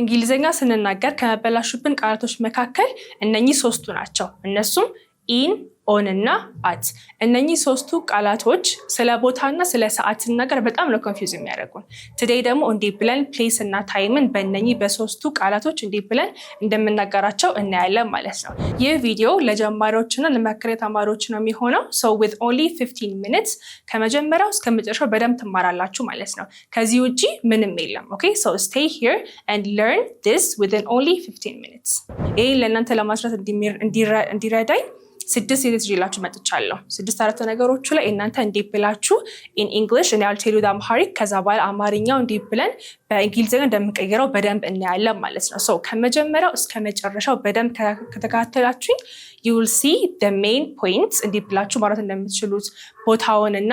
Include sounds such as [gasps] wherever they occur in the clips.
እንግሊዝኛ ስንናገር ከመበላሹብን ቃላቶች መካከል እነኚህ ሶስቱ ናቸው። እነሱም ኢን ኦን እና አት እነኚህ ሶስቱ ቃላቶች ስለ ቦታና ስለ ሰዓትን ነገር በጣም ነው ኮንፊውዝ የሚያደርጉን። ትዴይ ደግሞ እንዴት ብለን ፕሌስ እና ታይምን በእነኚህ በሶስቱ ቃላቶች እንዴት ብለን እንደምናገራቸው እናያለን ማለት ነው። ይህ ቪዲዮ ለጀማሪዎችና ለመካከለኛ ተማሪዎች ነው የሚሆነው። ሶ ዊዝ ኦንሊ ፊፍቲን ሚኒትስ ከመጀመሪያው እስከ መጨረሻው በደንብ ትማራላችሁ ማለት ነው። ከዚህ ውጪ ምንም የለም። ኦኬ ሶ ስቴይ ሂር ኤንድ ለርን ዲስ ዊዝን ኦንሊ ፊፍቲን ሚኒትስ። ይህ ለእናንተ ለማስራት እንዲረዳኝ ስድስት ሴት ይዤላችሁ መጥቻለሁ። ስድስት አረፍተ ነገሮቹ ላይ እናንተ እንዴት ብላችሁ ኢን ኢንግሊሽ እኔ አልቴሉ አምሃሪክ ከዛ በኋላ አማርኛው እንዴት ብለን በእንግሊዝኛ እንደምንቀይረው በደንብ እናያለን ማለት ነው። ሰው ከመጀመሪያው እስከ መጨረሻው በደንብ ከተከታተላችሁኝ ዩል ሲ ሜን ፖይንት እንዴት ብላችሁ ማለት እንደምትችሉት ቦታውን እና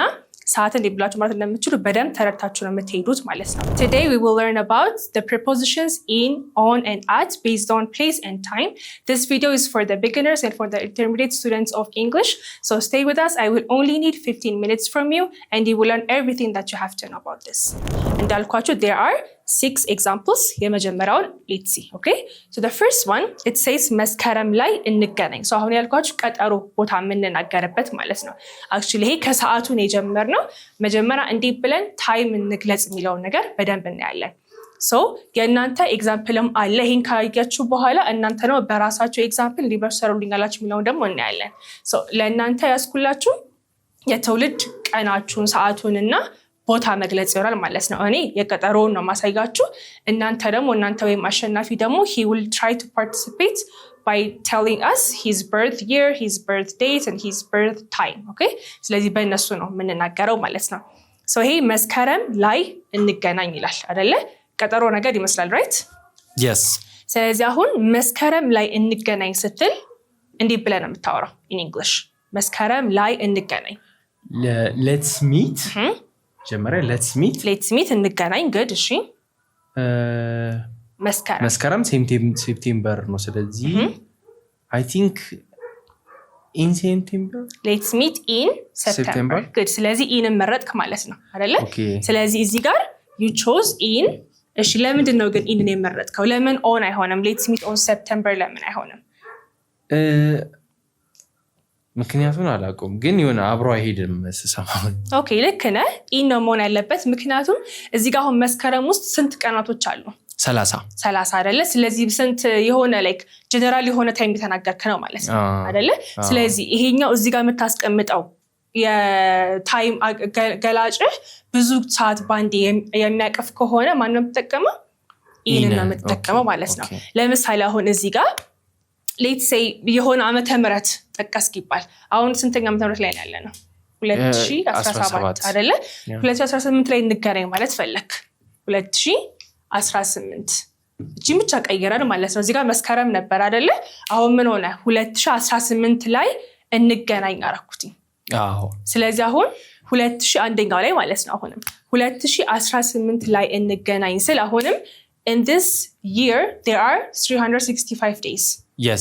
ሰዓትን ሊብላችሁ ማለት እንደምትችሉ በደንብ ተረድታችሁ ነው የምትሄዱት ማለት ነው። ቱዴይ ዊ ዊል ለርን አባውት ዘ ፕሪፖዚሽንስ ኢን ኦን ኤንድ አት ቤዝድ ኦን ፕሌስ ኤንድ ታይም ዚስ ቪዲዮ ኢዝ ፎር ዘ ቢጊነርስ ኤንድ ፎር ዘ ኢንተርሚዲየት ስቱደንትስ ኦፍ ኢንግሊሽ ሶ ስቴይ ዊዝ አስ አይ ዊል ኦንሊ ኒድ ፊፍቲን ሚኒትስ ፍሮም ዩ ኤንድ ዩ ዊል ለርን ኤቭሪቲንግ ዛት ዩ ሃቭ ቱ ኖው አባውት ዚስ እንዳልኳችሁ ዜር አር ሲክስ ኤግዛምፕልስ የመጀመሪያውን ሌትሲ ኦኬ ሶ ዘ ፈርስት ዋን ኢት ሴይስ መስከረም ላይ እንገናኝ። ሶ አሁን ያልኳችሁ ቀጠሮ ቦታ የምንናገርበት ማለት ነው። አክቹዋሊ ይሄ ከሰዓቱን የጀመርነው መጀመሪያ እንዴት ብለን ታይም እንግለጽ የሚለውን ነገር በደንብ እናያለን። ሶ የእናንተ ኤግዛምፕልም አለ። ይህን ካያችሁ በኋላ እናንተ ነው በራሳችሁ ኤግዛምፕል እንዲበሰሩልኛላችሁ የሚለውን ደግሞ እናያለን። ለእናንተ ያስኩላችሁ የትውልድ ቀናችሁን ሰዓቱን እና ቦታ መግለጽ ይሆናል ማለት ነው። እኔ የቀጠሮውን ነው ማሳያችሁ። እናንተ ደግሞ እናንተ ወይም አሸናፊ ደግሞ ሂ ዊል ትራይ ቱ ፓርቲሲፔት ባይ ቴሊንግ አስ ሂዝ በርት የር ሂዝ በርት ዴት ሂዝ በርት ታይም። ኦኬ ስለዚህ በእነሱ ነው የምንናገረው ማለት ነው። ይሄ መስከረም ላይ እንገናኝ ይላል አደለ? ቀጠሮ ነገር ይመስላል ራይት? የስ ስለዚህ አሁን መስከረም ላይ እንገናኝ ስትል እንዲህ ብለን የምታወራው ኢን ኢንግሊሽ መስከረም ላይ እንገናኝ ሌትስ ሚት መጀመሪያ ሌትስ ሚት ሌትስ ሚት እንገናኝ። ግድ እሺ፣ መስከረም መስከረም ሴፕቴምበር ነው። ስለዚህ አይ ቲንክ ኢን ሴፕቴምበር ሌትስ ሚት ኢን ሴፕቴምበር ግድ። ስለዚህ ኢንን መረጥክ ማለት ነው አይደለ? ስለዚህ እዚህ ጋር ዩ ቾዝ ኢን። እሺ፣ ለምንድን ነው ግን ኢንን የመረጥከው? ለምን ኦን አይሆንም? ሌትስ ሚት ኦን ሴፕቴምበር ለምን አይሆንም? ምክንያቱን አላውቀውም፣ ግን የሆነ አብሮ አይሄድም ስሰማ። ኦኬ ልክ ነህ። ይህ ነው መሆን ያለበት። ምክንያቱም እዚህ ጋር አሁን መስከረም ውስጥ ስንት ቀናቶች አሉ? ሰላሳ ሰላሳ አይደለ? ስለዚህ ስንት የሆነ ላይክ ጀነራል የሆነ ታይም የተናገርክ ነው ማለት ነው አይደለ? ስለዚህ ይሄኛው እዚህ ጋር የምታስቀምጠው የታይም ገላጭህ ብዙ ሰዓት ባንዴ የሚያቀፍ ከሆነ ማን ነው የምትጠቀመው? ይህንን ነው የምትጠቀመው ማለት ነው። ለምሳሌ አሁን እዚህ ጋር ሌት ሴይ የሆነ ዓመተ ምህረት ጠቀስክ ይባል አሁን ስንተኛ ዓመተ ምህረት ላይ ያለ ነው? 2017 አይደለ? 2018 ላይ እንገናኝ ማለት ፈለክ 2018 እቺን ብቻ ቀይረን ማለት ነው። እዚጋ መስከረም ነበር አይደለ? አሁን ምን ሆነ? 2018 ላይ እንገናኝ አረኩትኝ። ስለዚህ አሁን 2001ኛው ላይ ማለት ነው። አሁንም 2018 ላይ እንገናኝ ስል አሁንም ኢን ዲስ ይር ዜር አር 365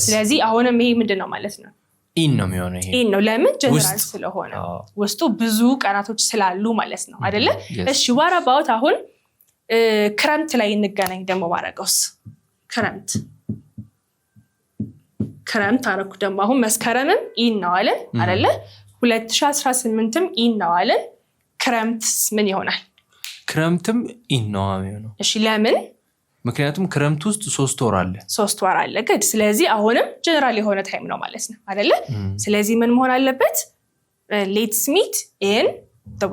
ስለዚህ አሁንም ይሄ ምንድን ነው ማለት ነው ኢን ነው የሚሆነው። ይሄ ኢን ነው ለምን ጀነራል ስለሆነ ውስጡ ብዙ ቀናቶች ስላሉ ማለት ነው አደለ mm-hmm. እሺ ዋራባውት አሁን ክረምት ላይ እንገናኝ ደግሞ ባረገውስ ክረምት ክረምት አረኩ ደግሞ አሁን መስከረምም ኢን ነው አለን አደለ 2018ም ኢን ነው አለን። ክረምት ምን ይሆናል? ክረምትም ኢን ነው የሚሆነው። እሺ ለምን ምክንያቱም ክረምት ውስጥ ሶስት ወር አለ ሶስት ወር አለ ግድ። ስለዚህ አሁንም ጀነራል የሆነ ታይም ነው ማለት ነው አደለ? ስለዚህ ምን መሆን አለበት? ሌት ስሚት ኢን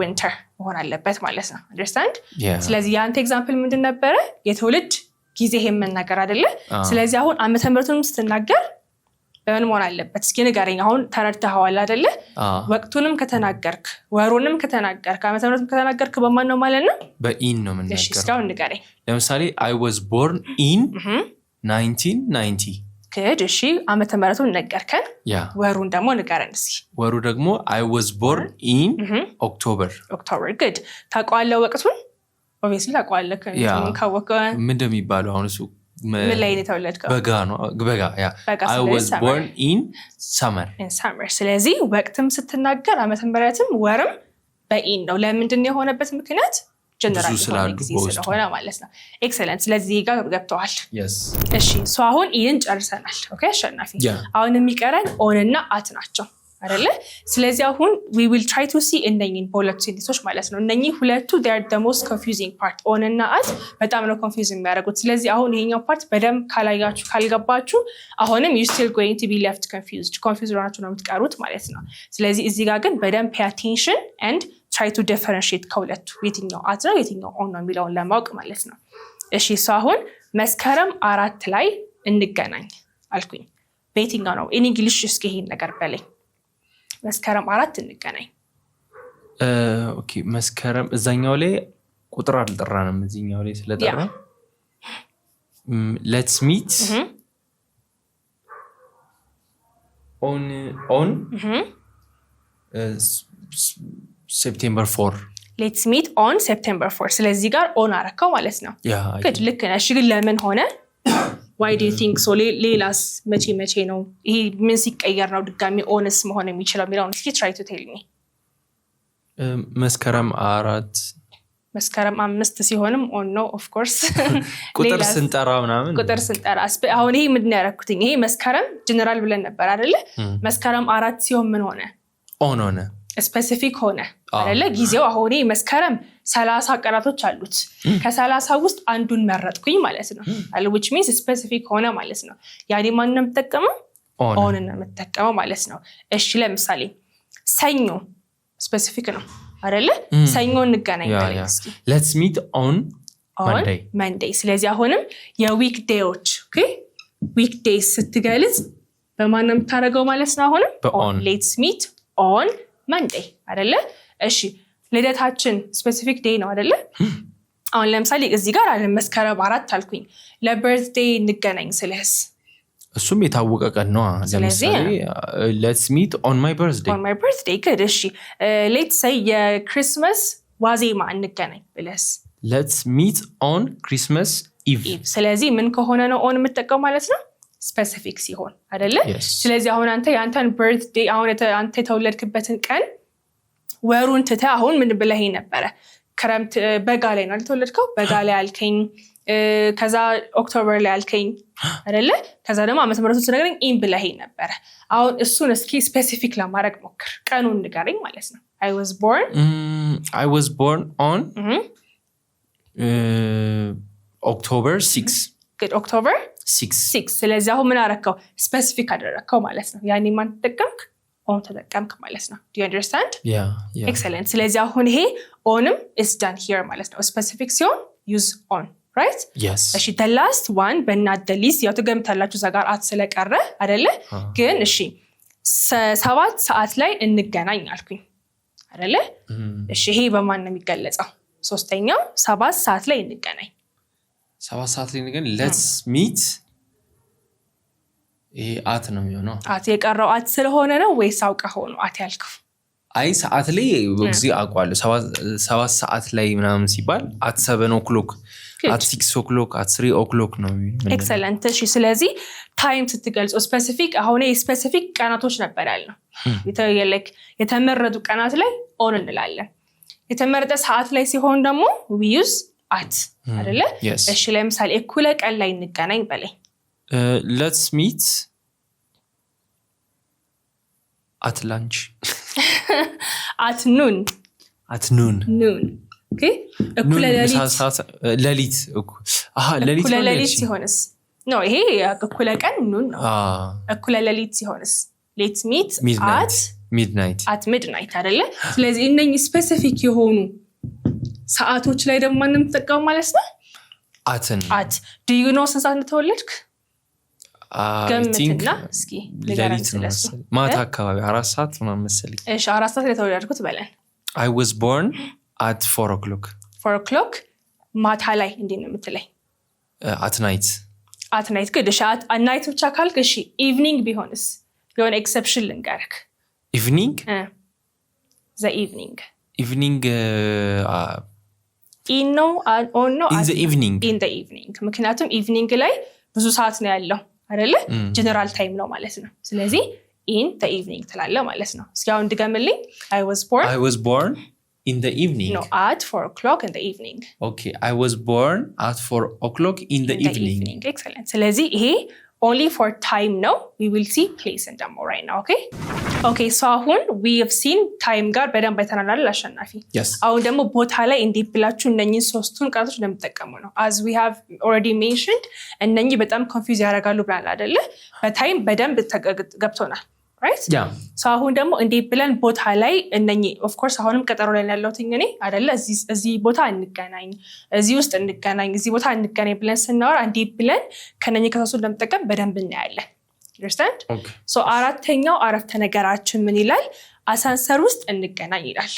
ዊንተር መሆን አለበት ማለት ነው። አንደርስታንድ። ስለዚህ የአንተ ኤግዛምፕል ምንድን ነበረ? የትውልድ ጊዜ ይሄ መናገር አደለ? ስለዚህ አሁን አመተ ምሕረቱንም ስትናገር ምን መሆን አለበት? እስኪ ንገረኝ። አሁን ተረድተኸዋል አደለ ወቅቱንም ከተናገርክ፣ ወሩንም ከተናገርክ፣ ዓመተ ምሕረቱም ከተናገርክ በማን ነው ማለት ነው? በኢን ነው የምንናገረው። እስካሁን ንገረኝ። ለምሳሌ አይ ወዝ ቦርን ኢን ናይንቲን ናይንቲ ክድ። እሺ ዓመተ ምሕረቱን ነገርከን፣ ወሩን ደግሞ ንገረን እስኪ። ወሩ ደግሞ አይ ወዝ ቦርን ኢን ኦክቶበር። ኦክቶበር ግድ። ታውቀዋለህ? ወቅቱን ኦብቪየስሊ ታውቀዋለህ። ምን እንደሚባለው አሁን እሱ ምን ስለዚህ ወቅትም ስትናገር ዓመተ ምረትም ወርም በኢን ነው። ለምንድን የሆነበት ምክንያት ጀነራል ስለሆነ ማለት ነው። ኤክሰለንት። ስለዚህ ጋር ገብተዋል። እሺ፣ አሁን ኢንን ጨርሰናል። አሸናፊ፣ አሁን የሚቀረን ኦንና አት ናቸው። አይደለ? ስለዚህ አሁን ዊ ዊል ትራይ ቱ ሲ እነኝን በሁለቱ ሴንቴንሶች ማለት ነው። እነኚህ ሁለቱ ር ደሞስት ኮንፊውዚንግ ፓርት ኦን እና አት በጣም ነው ኮንፊውዝ የሚያደርጉት። ስለዚህ አሁን ይሄኛው ፓርት በደንብ ካላያችሁ ካልገባችሁ፣ አሁንም ዩ ስቲል ጎይንግ ቱ ቢ ሌፍት ኮንፊውዝድ ኮንፊውዝ ሆናችሁ ነው የምትቀሩት ማለት ነው። ስለዚህ እዚህ ጋር ግን በደንብ ፔይ አቴንሽን ኤንድ ትራይ ቱ ዲፈረንሺየት ከሁለቱ የትኛው አት ነው የትኛው ኦን ነው የሚለውን ለማወቅ ማለት ነው። እሺ እሱ አሁን መስከረም አራት ላይ እንገናኝ አልኩኝ። በየትኛው ነው ኢንግሊሽ እስኪ ይሄን ነገር በለኝ መስከረም አራት እንገናኝ። ኦኬ መስከረም እዛኛው ላይ ቁጥር አልጠራንም፣ እዚኛው ላይ ስለጠራ ሌትስ ሚት ኦን ኦን ሴፕቴምበር ፎር ሌትስ ሚት ኦን ሴፕቴምበር ፎር። ስለዚህ ጋር ኦን አረካው ማለት ነው። ልክ ነህ። ግን ለምን ሆነ? ዋይ ዱ ቲንክ ሶ ሌላስ መቼ መቼ ነው ይሄ ምን ሲቀየር ነው ድጋሚ ኦነስ መሆን የሚችለው የሚለው እስኪ ትራይ ቱ ቴል ሚ መስከረም አራት መስከረም አምስት ሲሆንም ኦን ነው ኦፍኮርስ [laughs] ቁጥር ስንጠራ ምናምን ቁጥር ስንጠራ አሁን ይሄ ምንድን ያደረኩትኝ ይሄ መስከረም ጀነራል ብለን ነበር አደለ መስከረም አራት ሲሆን ምን ሆነ ኦን ሆነ ስፔሲፊክ ሆነ አለ ጊዜው አሁን መስከረም ሰላሳ ቀናቶች አሉት። ከሰላሳ ውስጥ አንዱን መረጥኩኝ ማለት ነው። ዊች ሚንስ ስፔሲፊክ ሆነ ማለት ነው። ያኔ ማን ነው የምጠቀመው? ኦን ነው የምጠቀመው ማለት ነው። እሺ ለምሳሌ ሰኞ ስፔሲፊክ ነው አደለ ሰኞ እንገናኝ ሌትስ ሚት ኦን መንዴይ። ስለዚህ አሁንም የዊክ ዴዎች ዊክ ዴይ ስትገልጽ በማን ነው የምታደርገው ማለት ነው። አሁንም ሌትስ ሚት ኦን መንዴይ አይደለ? እሺ ልደታችን ስፔሲፊክ ዴይ ነው አደለ አሁን ለምሳሌ እዚህ ጋር አለ መስከረም አራት አልኩኝ። ለበርትዴ እንገናኝ ስልህስ እሱም የታወቀ ቀን ነዋ ለምሳሌ ሌት ሰይ የክሪስመስ ዋዜማ እንገናኝ ብለስ ለትስ ሚት ኦን ክሪስመስ ስለዚህ ምን ከሆነ ነው ኦን የምጠቀሙ ማለት ነው ስፔሲፊክ ሲሆን አደለ ስለዚህ አሁን አንተ የአንተን በርዝዴይ አሁን አንተ የተወለድክበትን ቀን ወሩን ትተ አሁን ምን ብለህ ነበረ? ክረምት በጋ ላይ ነው ልትወለድከው በጋ ላይ አልከኝ፣ ከዛ ኦክቶበር ላይ አልከኝ አደለ ከዛ ደግሞ አመት ምረቱ ስነግረኝ ኢን ብለሄ ነበረ። አሁን እሱን እስኪ ስፔሲፊክ ለማድረግ ሞክር፣ ቀኑ ንገረኝ ማለት ነው። አይ ዋዝ ቦርን አይ ዋዝ ቦርን ኦን ኦክቶበር ሲክስ ኦክቶበር ሲክስ። ስለዚህ አሁን ምን አረከው? ስፔሲፊክ አደረግከው ማለት ነው። ያኔ ማን ተጠቀምክ? ኦን ተጠቀምክ ማለት ነው። ዩ ኤክሰለንት። ስለዚህ አሁን ይሄ ኦንም ስ ዳን ሂር ማለት ነው። ስፐሲፊክ ሲሆን ዩዝ ኦን ራይት። እሺ ተላስት ዋን በእናት ደሊዝ ያው ትገምታላችሁ እዛ ጋር አት ስለቀረ አደለ። ግን እሺ ሰባት ሰዓት ላይ እንገናኝ አልኩኝ አደለ። mm. እሺ ይሄ በማን ነው የሚገለጸው? ሶስተኛው ሰባት ሰዓት ላይ እንገናኝ። ሰባት ሰዓት ላይ እንገናኝ ሌትስ ሚት ይሄ አት ነው የሚሆነው። አት የቀረው አት ስለሆነ ነው ወይስ አውቀህ ሆኖ አት ያልከው? አይ ሰዓት ላይ ጊዜ አውቀዋለሁ። ሰባት ሰዓት ላይ ምናምን ሲባል አት ሰቨን ኦክሎክ፣ አት ሲክስ ኦክሎክ፣ አት ስሪ ኦክሎክ ነው። ኤክሰለንት። እሺ፣ ስለዚህ ታይም ስትገልጾ ስፐሲፊክ፣ አሁን የስፐሲፊክ ቀናቶች ነበር ያልነው። hmm. የተመረጡ ቀናት ላይ ኦን እንላለን። የተመረጠ ሰዓት ላይ ሲሆን ደግሞ ዊዩዝ አት አደለ። እሺ፣ ለምሳሌ እኩለ ቀን ላይ እንገናኝ በላይ Uh, let's meet አት lunch. [laughs] at ኑን At noon. Noon. ሌሊት እኩለ ሌሊት ሲሆንስ ነው? ይሄ እኩለ ቀን ኑን ነው። እኩለ ሌሊት ሲሆንስ ሚት አት ሚድናይት አት ሚድናይት ስለዚህ እነኚህ ስፔሲፊክ የሆኑ ሰዓቶች ላይ ደግሞ ማንም የምትጠቀሙ ማለት ነው አትን አት ዲዩ ኖ ስንት ሰዓት እንደተወለድክ ገምትና እስኪ ሌሊት ነው መሰለኝ ማታ አካባቢ አራት ሰዓት ምናምን መሰለኝ። እሺ አራት ሰዓት የተወለድኩት በለን። አይ ወዝ ቦርን አት ፎር ኦክሎክ ፎር ኦክሎክ ማታ ላይ እንዴት ነው የምትለኝ? አትናይት አትናይት ግድ እሺ፣ ናይት ብቻ ካልክ እሺ፣ ኢቭኒንግ ቢሆንስ? የሆነ ኤክሰፕሽን ልንገርክ። ኢቭኒንግ ዘ ኢቭኒንግ ኢቭኒንግ ኢን ነው ኦን ነው ኢን ዘ ኢቭኒንግ። ምክንያቱም ኢቭኒንግ ላይ ብዙ ሰዓት ነው ያለው አይደለ? ጀነራል ታይም ነው ማለት ነው። ስለዚህ ኢን ኢቭኒንግ ትላለ ማለት ነው። እስኪ እንድገምልኝ አይ ዋዝ ቦርን አይ ዋዝ ቦርን ኢን ኢቭኒንግ ኖ አት ፎር ኦክሎክ ኢን ተ ኢቭኒንግ ኦኬ። አይ ዋዝ ቦርን አት ፎር ኦክሎክ ኢን ኢቭኒንግ ኤክሰለንት። ስለዚህ ይሄ ኦንሊ ፎር ታይም ነው። ዊ ዊል ሲ ፕሌስን ደግሞ ራይት ነው። ኦኬ ኦኬ። ሶ አሁን ዊ ሀቭ ሲን ታይም ጋር በደንብ አይተናላል አሸናፊ። አሁን ደግሞ ቦታ ላይ እንዴት ብላችሁ እነኝህን ሶስቱን ቃላቶች እንደምጠቀሙ ነው። አዝ ዊ ሀቭ ኦልሬዲ ሜንሽንድ እነኝህ በጣም ኮንፊውዝ ያደርጋሉ ብላል አይደለ? በታይም በደንብ ገብቶናል። ራይት ሰው አሁን ደግሞ እንዴ ብለን ቦታ ላይ እነኚህ ኦፍኮርስ አሁንም ቀጠሮ ላይ ያለውት እኔ አደለ እዚህ ቦታ እንገናኝ፣ እዚህ ውስጥ እንገናኝ፣ እዚህ ቦታ እንገናኝ ብለን ስናወራ እንዴ ብለን ከነ ከሳሱ እንደምጠቀም በደንብ እናያለን። አንደርስታንድ ሶ አራተኛው አረፍተ ነገራችን ምን ይላል? አሳንሰር ውስጥ እንገናኝ ይላል።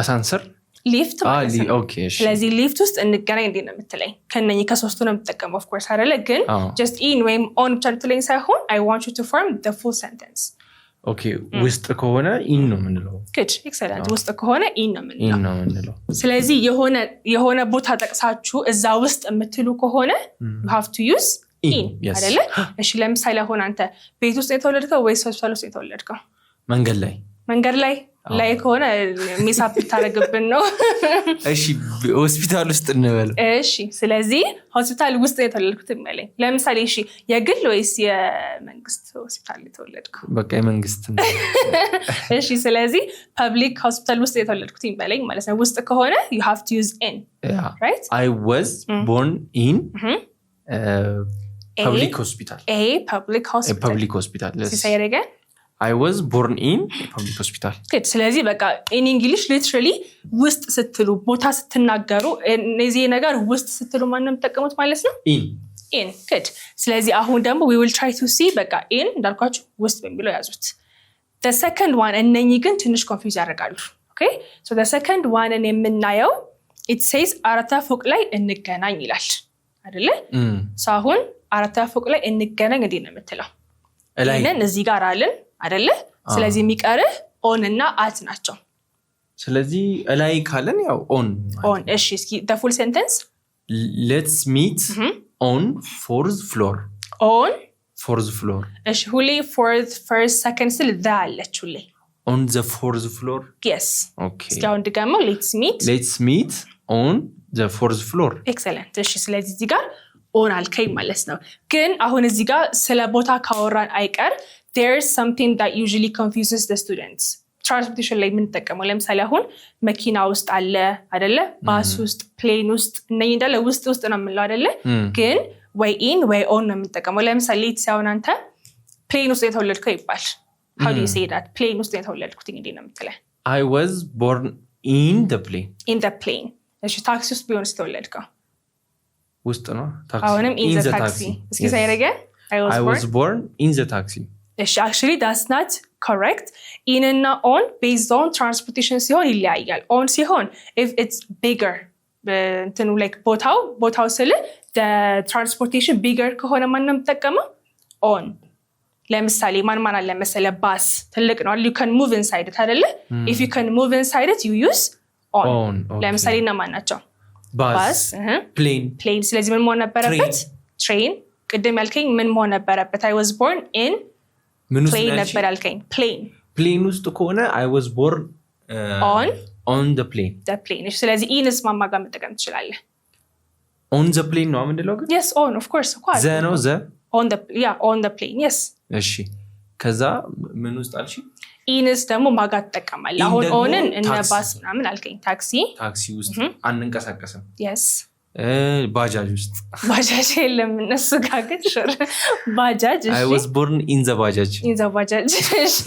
አሳንሰር ሊፍት ስለዚህ ሊፍት ውስጥ እንገናኝ እንዴ ነው የምትለኝ? ከነ ከሶስቱ ነው የምትጠቀመው። ኦፍኮርስ አደለ ግን ጀስት ኢን ወይም ኦን ብቻ ልትለኝ ሳይሆን አይ ዋንት ዩ ቱ ፎርም ፉል ሰንተንስ ኦኬ hmm. ውስጥ ከሆነ ኢን ነው ምንለው ግድ ኤክሰለንት ውስጥ ከሆነ ኢን ነው ምንለው ስለዚህ የሆነ ቦታ ጠቅሳችሁ እዛ ውስጥ የምትሉ ከሆነ ሀቭ ቱ ዩዝ ኢን እሺ ለምሳሌ አሁን አንተ ቤት ውስጥ የተወለድከው ወይስ ሆስፒታል ውስጥ የተወለድከው? መንገድ ላይ መንገድ ላይ ላይ ከሆነ ሜሳፕ ብታደረግብን ነው። እሺ ሆስፒታል ውስጥ እንበለው። እሺ ስለዚህ ሆስፒታል ውስጥ የተወለድኩት ይመለኝ። ለምሳሌ እሺ፣ የግል ወይስ የመንግስት ሆስፒታል የተወለድኩ? በቃ የመንግስት። [laughs] እሺ ስለዚህ ፐብሊክ ሆስፒታል ውስጥ የተወለድኩት ይመለኝ ማለት ነው። ውስጥ ከሆነ ዩ ሃቭ ቱ ዩዝ ኢን አይ ወዝ ቦርን ኢን ፐብሊክ ሆስፒታል። ፐብሊክ ሆስፒታል ሲሳይ ረገን አይ ዋዝ ቦርን ኢን ፐብሊክ ሆስፒታል። ስለዚህ በቃ ኢን እንግሊሽ ሊትራሊ ውስጥ ስትሉ ቦታ ስትናገሩ እነዚህ ነገር ውስጥ ስትሉ ማን ነው የምጠቀሙት ማለት ነው ኢን ክድ። ስለዚህ አሁን ደግሞ ዊ ዊል ትራይ ቱ ሲ በቃ ኢን እንዳልኳችሁ ውስጥ በሚለው ያዙት። ሰከንድ ዋን እነኚህ ግን ትንሽ ኮንፊዝ ያደርጋሉ። ሰከንድ ዋንን የምናየው ኢት ሴይዝ አራተኛ ፎቅ ላይ እንገናኝ ይላል አይደለ? Mm. አሁን አራተኛ ፎቅ ላይ እንገናኝ እንዴ ነው የምትለው? እዚህ ጋር አልን አደለ? ስለዚህ የሚቀርህ ኦን እና አት ናቸው። ስለዚህ እላይ ካለን ያው ኦን ኦን። እሺ እስኪ ፉል ሴንተንስ ሌትስ ሚት ኦን ፎርዝ ፍሎር ኦን ፎርዝ ፍሎር። እሺ ሁሌ ፎርዝ ፈርስት ሰከንድ ስል ዛ አለች ሁሌ ኦን ዘ ፎርዝ ፍሎር የስ። እስኪ አሁን ድገመው ሌትስ ሚት ሌትስ ሚት ኦን ዘ ፎርዝ ፍሎር። ኤክሰለንት። እሺ ስለዚህ እዚህ ጋር ኦን አልከኝ ማለት ነው። ግን አሁን እዚህ ጋር ስለ ቦታ ካወራን አይቀር there's something that usually confuses the students ትራንስፖርቴሽን ላይ የምንጠቀመው ለምሳሌ አሁን መኪና ውስጥ አለ አደለ፣ ባስ ውስጥ፣ ፕሌን ውስጥ እነ እንዳለ ውስጥ ውስጥ ነው የምንለው አደለ። ግን ወይ ኢን ወይ ኦን ነው የምንጠቀመው። ለምሳሌ ሲሆን አንተ ፕሌን ውስጥ የተወለድከው ይባል ሀው ዱ ሴዳት ፕሌን ውስጥ የተወለድኩት እንግዲህ ነው የምትለን። አይ ዋዝ ቦርን ኢን ደ ፕሌን ኢን ደ ፕሌን። እሺ ታክሲ ውስጥ ቢሆንስ የተወለድከው ውስጥ ነው። አሁንም ኢን ዘ ታክሲ። እስኪ ሳይረገ አይ ዋዝ ቦርን ኢን ዘ ታክሲ እሺ አክቹዋሊ ዳትስ ናት ኮሬክት። ኢን እና ኦን ቤዝድ ኦን ትራንስፖርቴሽን ሲሆን ይለያያል። ኦን ሲሆን ኢፍ ኢትስ ቢገር እንትኑ ላይክ ቦታው ቦታው ስል ትራንስፖርቴሽን ቢገር ከሆነ ማን ነው የምጠቀመው? ኦን ለምሳሌ ማን ማን አለ መሰለ ባስ ትልቅ ነው ዩ ከን ሙቭ ኢንሳይድት አይደለ? ኢፍ ዩ ከን ሙቭ ኢንሳይድት ዩ ዩዝ ኦን። ለምሳሌ እና ማን ናቸው? ባስ፣ ፕሌን። ስለዚህ ምን መሆን ነበረበት? ትሬን። ቅድም ያልከኝ ምን መሆን ነበረበት? አይ ዋዝ ቦርን ኢን ምን ነበር ያልከኝ? ፕሌን ፕሌን ውስጥ ከሆነ አይ ዋዝ ቦርን ኦን ኦን ዘ ፕሌን ዘ ፕሌን። እሺ፣ ስለዚህ ኢንስ e ማማ ጋር መጠቀም ትችላለህ። ኦን ዘ ፕሌን ነው ምንድነው? ግን የስ ኦን ኦፍ ኮርስ እኮ ዘ ነው ዘ ኦን ዘ ያ ኦን ዘ ፕሌን የስ። እሺ፣ ከዛ ምን ውስጥ አልሽ? ኢንስ e ደግሞ ማጋ ትጠቀማለህ። e አሁን ኦንን እነ ባስ ምናምን አልከኝ። ታክሲ ታክሲ ውስጥ አንንቀሳቀስም። የስ ባጃጅ ውስጥ ባጃጅ የለም። እነሱ ጋር ግን ሹር ባጃጅ አይ ዋዝ ቦርን ኢን ዘ ባጃጅ ኢን ዘ ባጃጅ። እሺ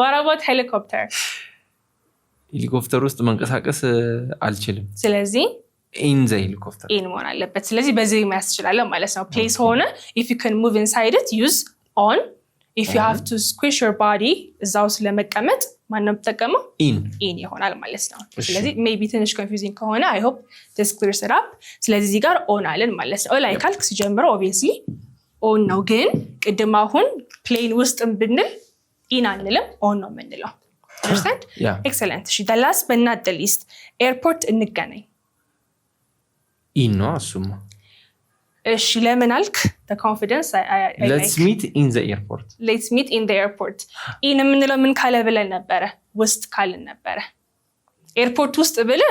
ዋራባት ሄሊኮፕተር ሄሊኮፕተር ውስጥ መንቀሳቀስ አልችልም። ስለዚህ ኢን ዘ ሄሊኮፕተር ኢን መሆን አለበት። ስለዚህ በዚህ መያዝ ማለት ነው። ፕሌስ ሆነ ኢፍ ዩ ካን ሙቭ ኢንሳይድ ኢት ዩዝ ኦን if you have ቱ uh-huh. ስኩሽ your body እዛው ስለመቀመጥ ለመቀመጥ ማነው የምጠቀመው? ኢን ይሆናል ማለት ነው። ስለዚህ ሜይ ትንሽ ኮንፊውዚንግ ከሆነ አይ ሆፕ ጀስት ክሊር ስራፕ። ስለዚህ እዚህ ጋር ኦን አለን ማለት ነው። ላይ ካልክ ሲጀምረው ኦብቪየስሊ ኦን ነው፣ ግን ቅድም አሁን ፕሌን ውስጥም ብንል ኢን አንልም ኦን ነው የምንለው። አንደርስታንድ? ኤክሰለንት። [gasps] እሺ ላስት በት ሊስት ኤርፖርት እንገናኝ። ኢን ነው አሱማ እሺ ለምን አልክ? ኮንፊደንስ ሚት ኢን ዘ ኤርፖርት ኢን የምንለው ምን ካለ ብለን ነበረ? ውስጥ ካልን ነበረ። ኤርፖርት ውስጥ ብል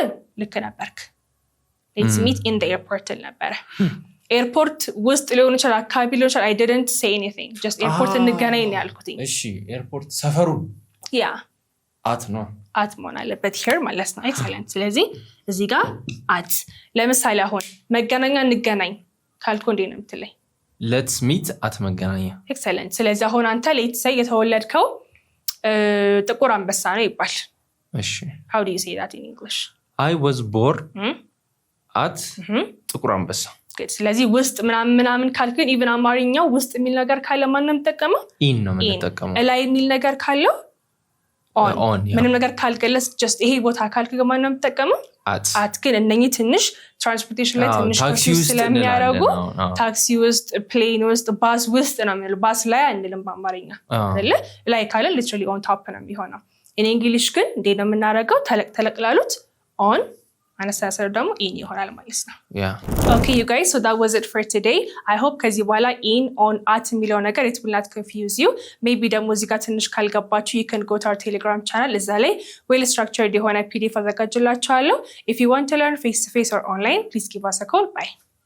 ልክ ነበርክ። ሌትስ ሚት ኢን ዘ ኤርፖርት ነበረ። ኤርፖርት ውስጥ ሊሆን ይችላል፣ አካባቢ ሊሆን ይችላል። አይደንት ዲድንት ሴይ ጀስት ኤርፖርት ah. እንገናኝ ነው ያልኩት። እሺ ኤርፖርት ሰፈሩ ያ አት ነው አት መሆን አለበት ሄር ማለት ነው። ኤክሰለንት። ስለዚህ እዚህ ጋር አት ለምሳሌ አሁን መገናኛ እንገናኝ ካልኩ እንዴ ነው የምትለኝ። ለትስ ሚት አት መገናኛ። ኤክሰለንት። ስለዚህ አሁን አንተ ሌትስ የተወለድከው ጥቁር አንበሳ ነው ይባል። እሺ ሃው ዩ ሴይ ዳት ኢን ኢንግሊሽ? አይ ወዝ ቦር አት ጥቁር አንበሳ። ስለዚህ ውስጥ ምናምን ምናምን ካልክን ኢቭን አማርኛው ውስጥ የሚል ነገር ካለ ማን ነው የምጠቀመው? ኢን ነው የምንጠቀመው። ላይ የሚል ነገር ካለው ምንም ነገር ካልገለጽ ጀስት ይሄ ቦታ ካልክ ማን ነው የምጠቀመው? አት ግን እነኚህ ትንሽ ትራንስፖርቴሽን ላይ ትንሽ ስለሚያደረጉ ታክሲ ውስጥ፣ ፕሌን ውስጥ፣ ባስ ውስጥ ነው የምንለው። ባስ ላይ አንልም በአማርኛ ላይ ካለ ሊትራሊ ኦን ታፕ ነው የሚሆነው። እኔ እንግሊሽ ግን እንዴ ነው የምናደርገው? ተለቅ ተለቅ ላሉት ኦን አነሳሰር ደግሞ ኢን ይሆናል ማለት ነው። ኦኬ ዩ ጋይስ ሶ ዳት ዋዝ ኢት ፎር ቱዴይ አይ ሆፕ ከዚህ በኋላ ኢን ኦን አት የሚለው ነገር የት ብላት ኮንፊውዝ ዩ ሜይ ቢ ደግሞ እዚህ ጋር ትንሽ ካልገባችሁ ዩ ከን ጎ ቱ አወር ቴሌግራም ቻናል እዛ ላይ ዌል ስትራክቸርድ የሆነ ፒዲኤፍ አዘጋጅላችኋለሁ። ኢፍ ዩ ዋንት ቱ ለርን ፌስ ቱ ፌስ ኦር ኦንላይን ፕሊዝ ጊቭ አስ አ ኮል ባይ